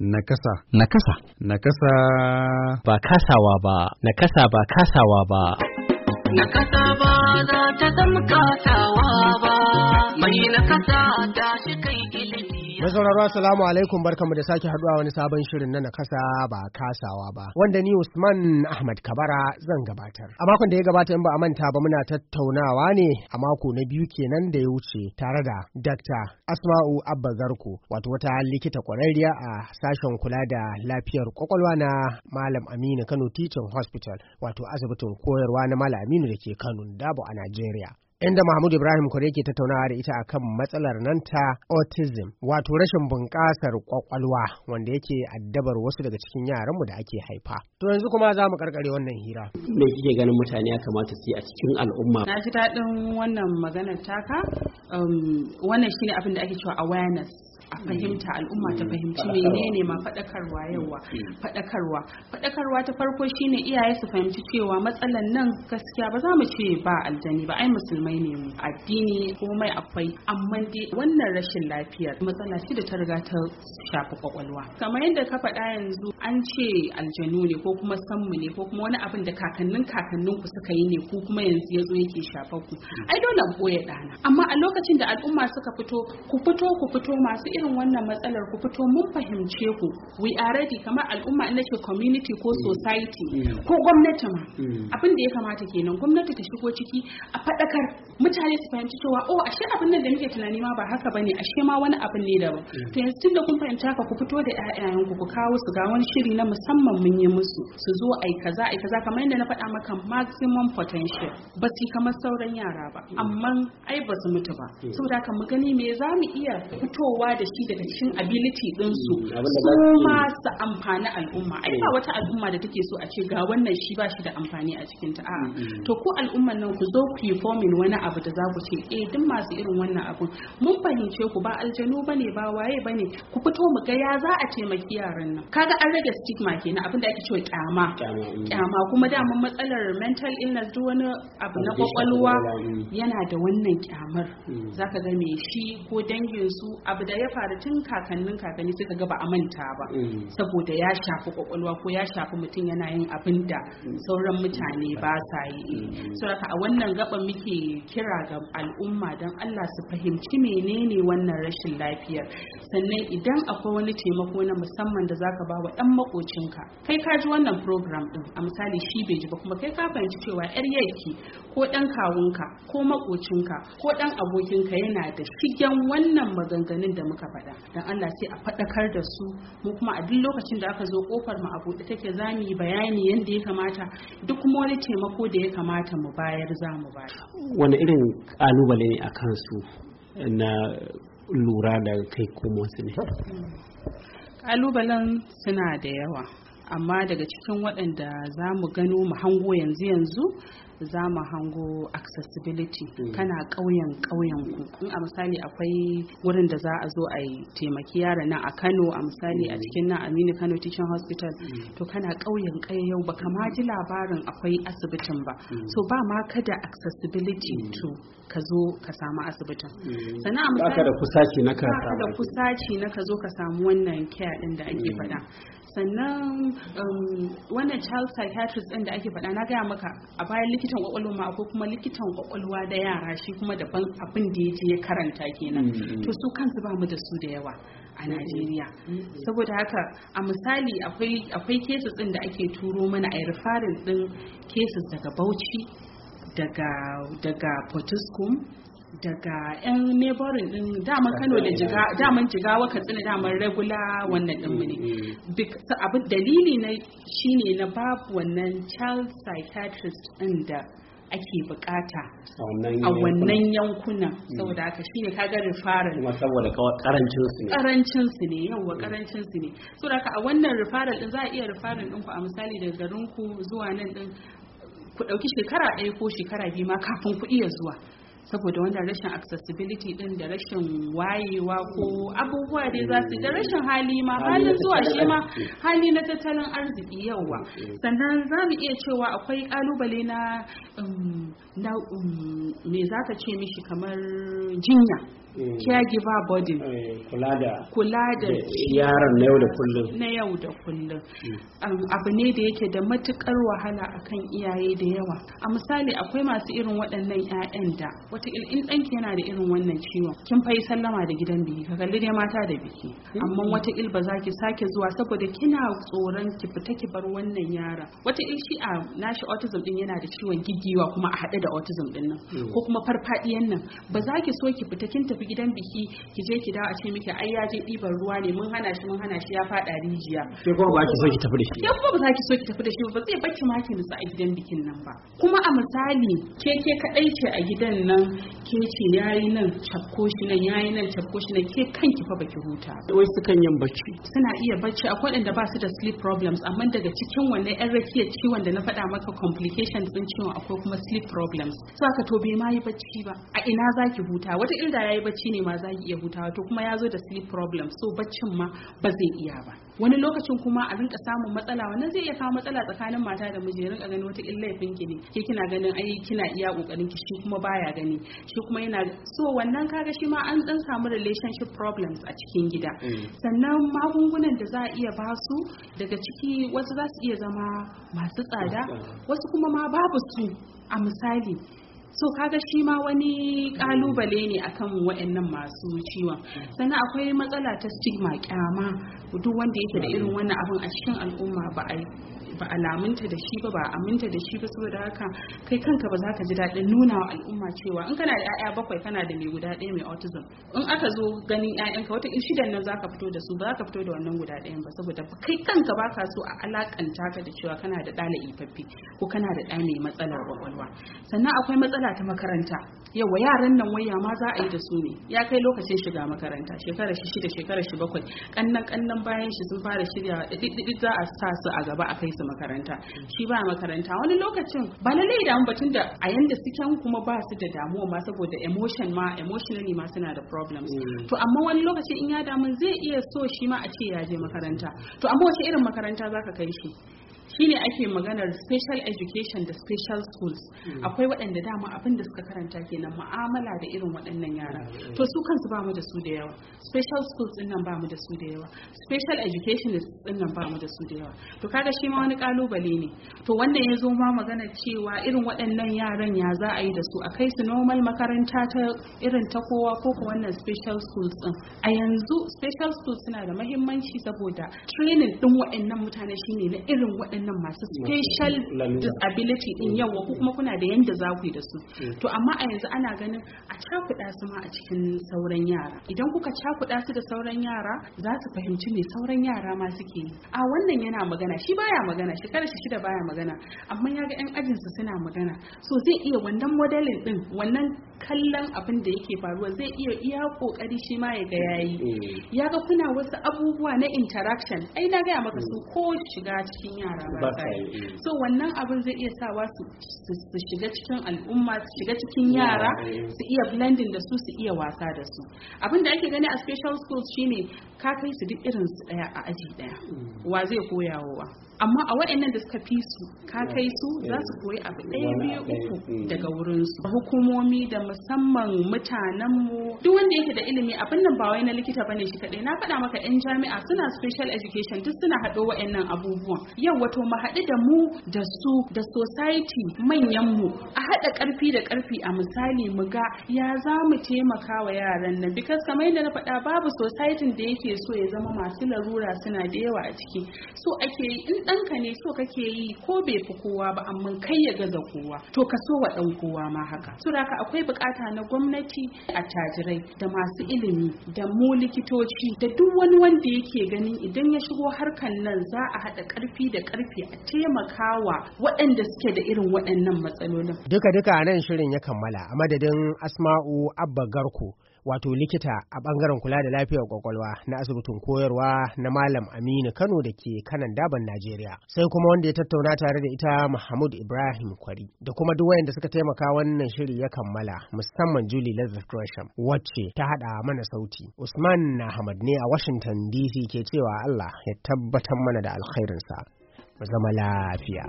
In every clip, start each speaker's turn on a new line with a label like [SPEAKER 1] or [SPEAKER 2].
[SPEAKER 1] Nakasa. Nakasa. Nakasa. Ba kasawa ba. Nakasa ba kasawa ba.
[SPEAKER 2] Nakasa ba za ta zama kasawa ba. Mai nakasa ta shi kai ilimi.
[SPEAKER 1] Mai sauraro assalamu alaikum barkamu da sake haduwa wani sabon shirin na nakasa ba kasawa ba wanda ni Usman Ahmad Kabara zan gabatar. A makon da ya gabata in ba a manta ba muna tattaunawa ne a mako na biyu kenan da ya wuce tare da Dr. Asma'u Abba Zarko wato wata likita kwararriya a sashen kula da lafiyar kwakwalwa na Malam Aminu Kano Teaching Hospital wato asibitin koyarwa na Malam Aminu da ke Kano Dabo a Najeriya. inda Mahmud Ibrahim Kure ke tattaunawa da ita akan matsalar nan ta autism wato rashin bunƙasar kwakwalwa wanda yake addabar wasu daga cikin yaranmu da ake haifa. To yanzu kuma za mu karkare wannan hira. Me kike ganin mutane ya kamata su yi a cikin al'umma? Na
[SPEAKER 2] ji daɗin wannan maganar taka. Um, wannan shine abin da ake cewa awareness a fahimta al'umma ta fahimci mm. menene ma faɗakarwa yawa mm. faɗakarwa faɗakarwa ta farko shine iyaye su fahimci cewa matsalan nan gaskiya ba za mu ce ba aljani ba ai musulmi mai ne mu addini komai akwai amma dai wannan rashin lafiyar matsala ce da ta riga ta shafi kwakwalwa kamar yadda ka faɗa yanzu an ce aljanu ne ko kuma sammu ne ko kuma wani abin da kakannin kakannin ku suka yi ne ku kuma yanzu ya zo yake shafar ku ai dole ku boye ɗana amma a lokacin da al'umma suka fito ku fito ku fito masu irin wannan matsalar ku fito mun fahimce ku we are ready kamar al'umma ina ce community ko mm. society mm. ko gwamnati ma mm. abin da ya kamata kenan gwamnati ta shigo ciki a faɗakar mutane su fahimci cewa o oh, ashe abin nan da muke tunani ma ba haka bane ashe ma wani abin ne daban mm. to yanzu tunda kun fahimta ka ku fito da ƴaƴayen ku kawo su ga wani shiri na musamman mun yi musu su zo ai kaza ai kaza kamar yadda na faɗa maka maximum potential ba su kamar sauran yara ba mm. amma ai ba su mutu ba mm. saboda haka mu gani me za mu iya fitowa da shi daga cikin ability din
[SPEAKER 1] su su ma
[SPEAKER 2] su amfani al'umma ai ba wata al'umma da take so a ce ga wannan shi ba shi da amfani a cikin ta a'a to ko al'umman nan ku zo ku yi forming wani abu da za ku ce eh duk masu irin wannan abu mun fahimce ku ba aljanu bane ba waye bane ku fito mu ga ya za a taimaki yaran nan kaga an rage stigma kenan abin da ake cewa kyama kyama mm. kuma da mun matsalar mental illness duk wani abu na kwakwalwa mm. yana da wannan kyamar mm. zaka ga me shi ko dangin su abu da ya faru tun kakannin kakanni suka ga ba a manta ba saboda ya shafi kwakwalwa ko ya shafi mutum yana yin abin da sauran mutane ba sa yi saboda a wannan gaban muke kira ga al'umma don Allah su fahimci menene wannan rashin lafiyar sannan idan akwai wani taimako na musamman da zaka ba wa dan makocinka kai ka ji wannan program din a misali shi bai ji ba kuma kai ka fahimci cewa yar yaki ko ɗan kawunka ko makocinka ko dan abokinka yana da shigen wannan maganganun da muka faɗa don Allah sai a faɗakar da su mu kuma a duk lokacin da aka zo kofar mu a buɗe take za mu yi bayani yadda ya kamata duk kuma wani taimako da ya kamata mu bayar za mu bayar
[SPEAKER 1] wani irin kalubale ne a kansu na lura da kai su ne
[SPEAKER 2] kalubalen suna da yawa amma daga cikin waɗanda za mu gano mu hango yanzu yanzu za mu hango accessibility mm. kana ƙauyen ƙauyen ku in a misali akwai wurin da za a zo a taimaki yara nan a Kano a misali a mm. cikin nan Aminu Kano Teaching Hospital mm. to kana ƙauyen ƙauyen ba kama ji labarin akwai asibitin ba so ba ma kada accessibility to ka zo ka samu asibitin
[SPEAKER 1] sannan a misali ba ka da
[SPEAKER 2] kusaci na ka samu wannan care din da ake faɗa sannan um, wannan child psychiatrist ɗin da ake faɗa na gaya maka a bayan likitan kwakwalwa ma akwai kuma likitan kwakwalwa da yara shi kuma daban abin da ya je ya karanta kenan mm, mm. to su kansu ba mu da su da yawa a mm, Najeriya. Saboda haka a misali akwai cases ɗin da ake turo mana a referring ɗin cases daga Bauchi daga daga Potiskum daga yan neighboring din dama kano da jiga daman waka tsina daman regular wannan din ne mm, mm, mm. abin dalili na shine na babu wannan child psychiatrist din da ake bukata a wannan yankunan saboda haka shine kaga referral kuma
[SPEAKER 1] saboda karancin su ne
[SPEAKER 2] karancin su ne yawa karancin su ne saboda haka a wannan referral din za a iya referral din ku a misali daga garin ku zuwa nan din ku dauki shekara ɗaya ko shekara biyu ma kafin ku iya zuwa saboda wannan rashin accessibility din da rashin wayewa ko mm. abubuwa dai za su da rashin mm. hali ma halin zuwa shi ma hali na tattalin arziki yawa mm. sannan za mu iya cewa akwai kalubale na um, um, me za ka ce mishi kamar jinya caregiver
[SPEAKER 1] eh, body eh, kula da kula da yaron na yau da kullum
[SPEAKER 2] na yau da kullum hmm. abu ne da yake da matukar wahala akan iyaye da yawa a misali akwai masu irin waɗannan 'ya'yan da wata in ɗanki yana da irin wannan ciwon kin yi sallama da gidan biki ka kalli dai mata da biki hmm. amma wata il ba za ki sake zuwa saboda kina tsoron ki fita ki bar wannan yara wata il shi a nashi autism din yana da ciwon giggiwa kuma a haɗe da autism din nan hmm. ko kuma farfadiyan nan ba za ki so ki fita kin tafi gidan biki ki je ki dawo a ce miki ai ya je ɗiban ruwa ne mun hana shi mun hana shi ya faɗa rijiya
[SPEAKER 1] ke kuma ba ki so ki tafi da shi ke
[SPEAKER 2] kuma ba za ki so ki tafi da shi ba zai baki ma ki nutsu a gidan bikin nan ba kuma a misali ke ke kadai ce a gidan nan ke ce yayi nan cakko shi nan yayi nan cakko shi nan ke ki fa ki huta
[SPEAKER 1] wai sukan yin bacci
[SPEAKER 2] suna iya bacci akwai waɗanda ba su da sleep problems amma daga cikin wannan yan rakiyar ciwon da na faɗa maka complications sun ciwon akwai kuma sleep problems saka to bai ma yi bacci ba a ina zaki huta wata irin ya yi bacci bacci ne ma za ki iya hutawa to kuma ya zo da sleep problem so baccin ma ba zai iya ba wani lokacin kuma a rinka samun matsala wannan zai iya kawo matsala tsakanin mata da miji rinka ganin wata illa laifin ki ne ke kina ganin ai kina iya kokarin ki shi kuma baya gani shi kuma yana so wannan kaga shi ma an dan samu relationship problems a cikin gida mm. sannan magungunan da za a iya basu daga ciki wasu za su iya zama masu tsada wasu kuma ma babu su a misali so kaga shi ma wani kalubale ne akan waɗannan masu ciwon sannan akwai matsala ta stigma kyama duk wanda yake da irin wannan abin a cikin al'umma ba a ba a da shi ba ba aminta da shi ba saboda haka kai kanka ba za ka ji daɗin nuna wa al'umma cewa in kana da 'ya'ya bakwai kana da mai guda ɗaya mai autism in aka zo ganin 'ya'yanka wata shidan nan za ka fito da su ba za ka fito da wannan guda ɗayan ba saboda kai kanka ba ka so a alakanta ka da cewa kana da ɗala ifaffe ko kana da ɗa mai matsalar kwakwalwa sannan akwai matsala ta makaranta yawa yaran nan waya ma za a yi da su ne ya kai lokacin shiga makaranta shekarar shi shida shekarar shi bakwai kannan kannan bayan shi sun fara shiryawa ɗiɗɗiɗɗi za a sa su a gaba a kai su makaranta shi ba makaranta wani lokacin ba lallai damu batun da a yanda suke kuma ba su da damuwa ma saboda emotion ma emotionally ma suna da problems mm. to amma wani lokaci in ya damu zai iya so shi ma a ce ya je makaranta to amma wace irin makaranta zaka kai shi shine ake maganar special education da special schools hmm. akwai waɗanda dama abin da suka karanta kenan mu'amala da irin waɗannan yara hmm. to su kansu ba mu da su da yawa special schools din nan ba mu da su da yawa special education din nan ba mu da su da yawa to kaga shi ma wani kalubale ne to wannan ya zo ma magana cewa irin waɗannan yaran ya za a yi da su a kai su normal makaranta ta irin ta kowa ko ko wannan special schools din a yanzu special schools suna da muhimmanci saboda training din waɗannan mutane shine na irin waɗannan waɗannan masu special disability din mm. yawa ko kuma kuna da yanda za ku yi da su mm. to amma a yanzu ana ganin a cakuɗa su ma a cikin sauran yara idan kuka cakuɗa su da sauran yara za su fahimci me sauran yara ma suke yi a wannan yana magana shi baya magana shi shekarar shi shida baya magana amma ya ga yan ajinsa suna magana so zai iya wannan modelin din wannan kallon abin da yake faruwa zai iya iya kokari shi ma ya ga yayi mm. ya ga kuna wasu abubuwa na interaction ai na gaya maka su mm. ko shiga cikin yara ba mm. so wannan abin zai iya sawa su shiga cikin al'umma su shiga cikin yara su iya blending da su su iya wasa da su abin da ake gani a special schools shine ka kai su duk irin su daya a aji daya wa zai koyawa amma a waɗannan da suka fi su ka kai su za su koyi abu ɗaya biyu uku daga wurin su hukumomi da musamman mutanenmu duk wanda yake da ilimi abin nan ba wai na likita bane shi kadai na faɗa maka yan jami'a suna special education duk suna haɗo wa'annan abubuwan yau wato mu haɗu da mu da su da society manyan mu a haɗa ƙarfi da ƙarfi a misali mu ga ya za mu taimaka wa yaran nan because kamar yadda na faɗa babu society da yake so ya zama masu larura suna da yawa a ciki so ake yi in ɗanka ne so kake yi ko bai fi kowa ba amma kai ya gaza kowa to ka so wa ɗan kowa ma haka suraka da akwai buƙatar bukata na gwamnati attajirai da masu ilimi da mu likitoci da duk wani wanda yake ganin idan ya shigo harkan nan za a haɗa ƙarfi da ƙarfi a taimakawa waɗanda suke da irin waɗannan
[SPEAKER 1] matsalolin. Duka duka nan shirin ya kammala a madadin Asma'u Abba Garko wato likita a bangaren kula da lafiyar kwakwalwa na asibitin koyarwa na Malam Aminu Kano da ke kanan daban Najeriya. Sai kuma wanda ya tattauna tare da ita Mahmud Ibrahim Kwari da kuma duk wayanda suka taimaka wannan shiri ya kammala musamman Julie Lazarus Gresham wacce ta hada mana sauti. Usman na Ahmad ne a Washington DC ke cewa Allah ya tabbatar mana da alkhairinsa. Mu zama lafiya.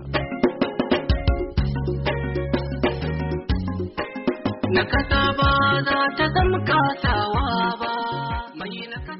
[SPEAKER 2] na kasa ba za ta zama kasawa ba mai na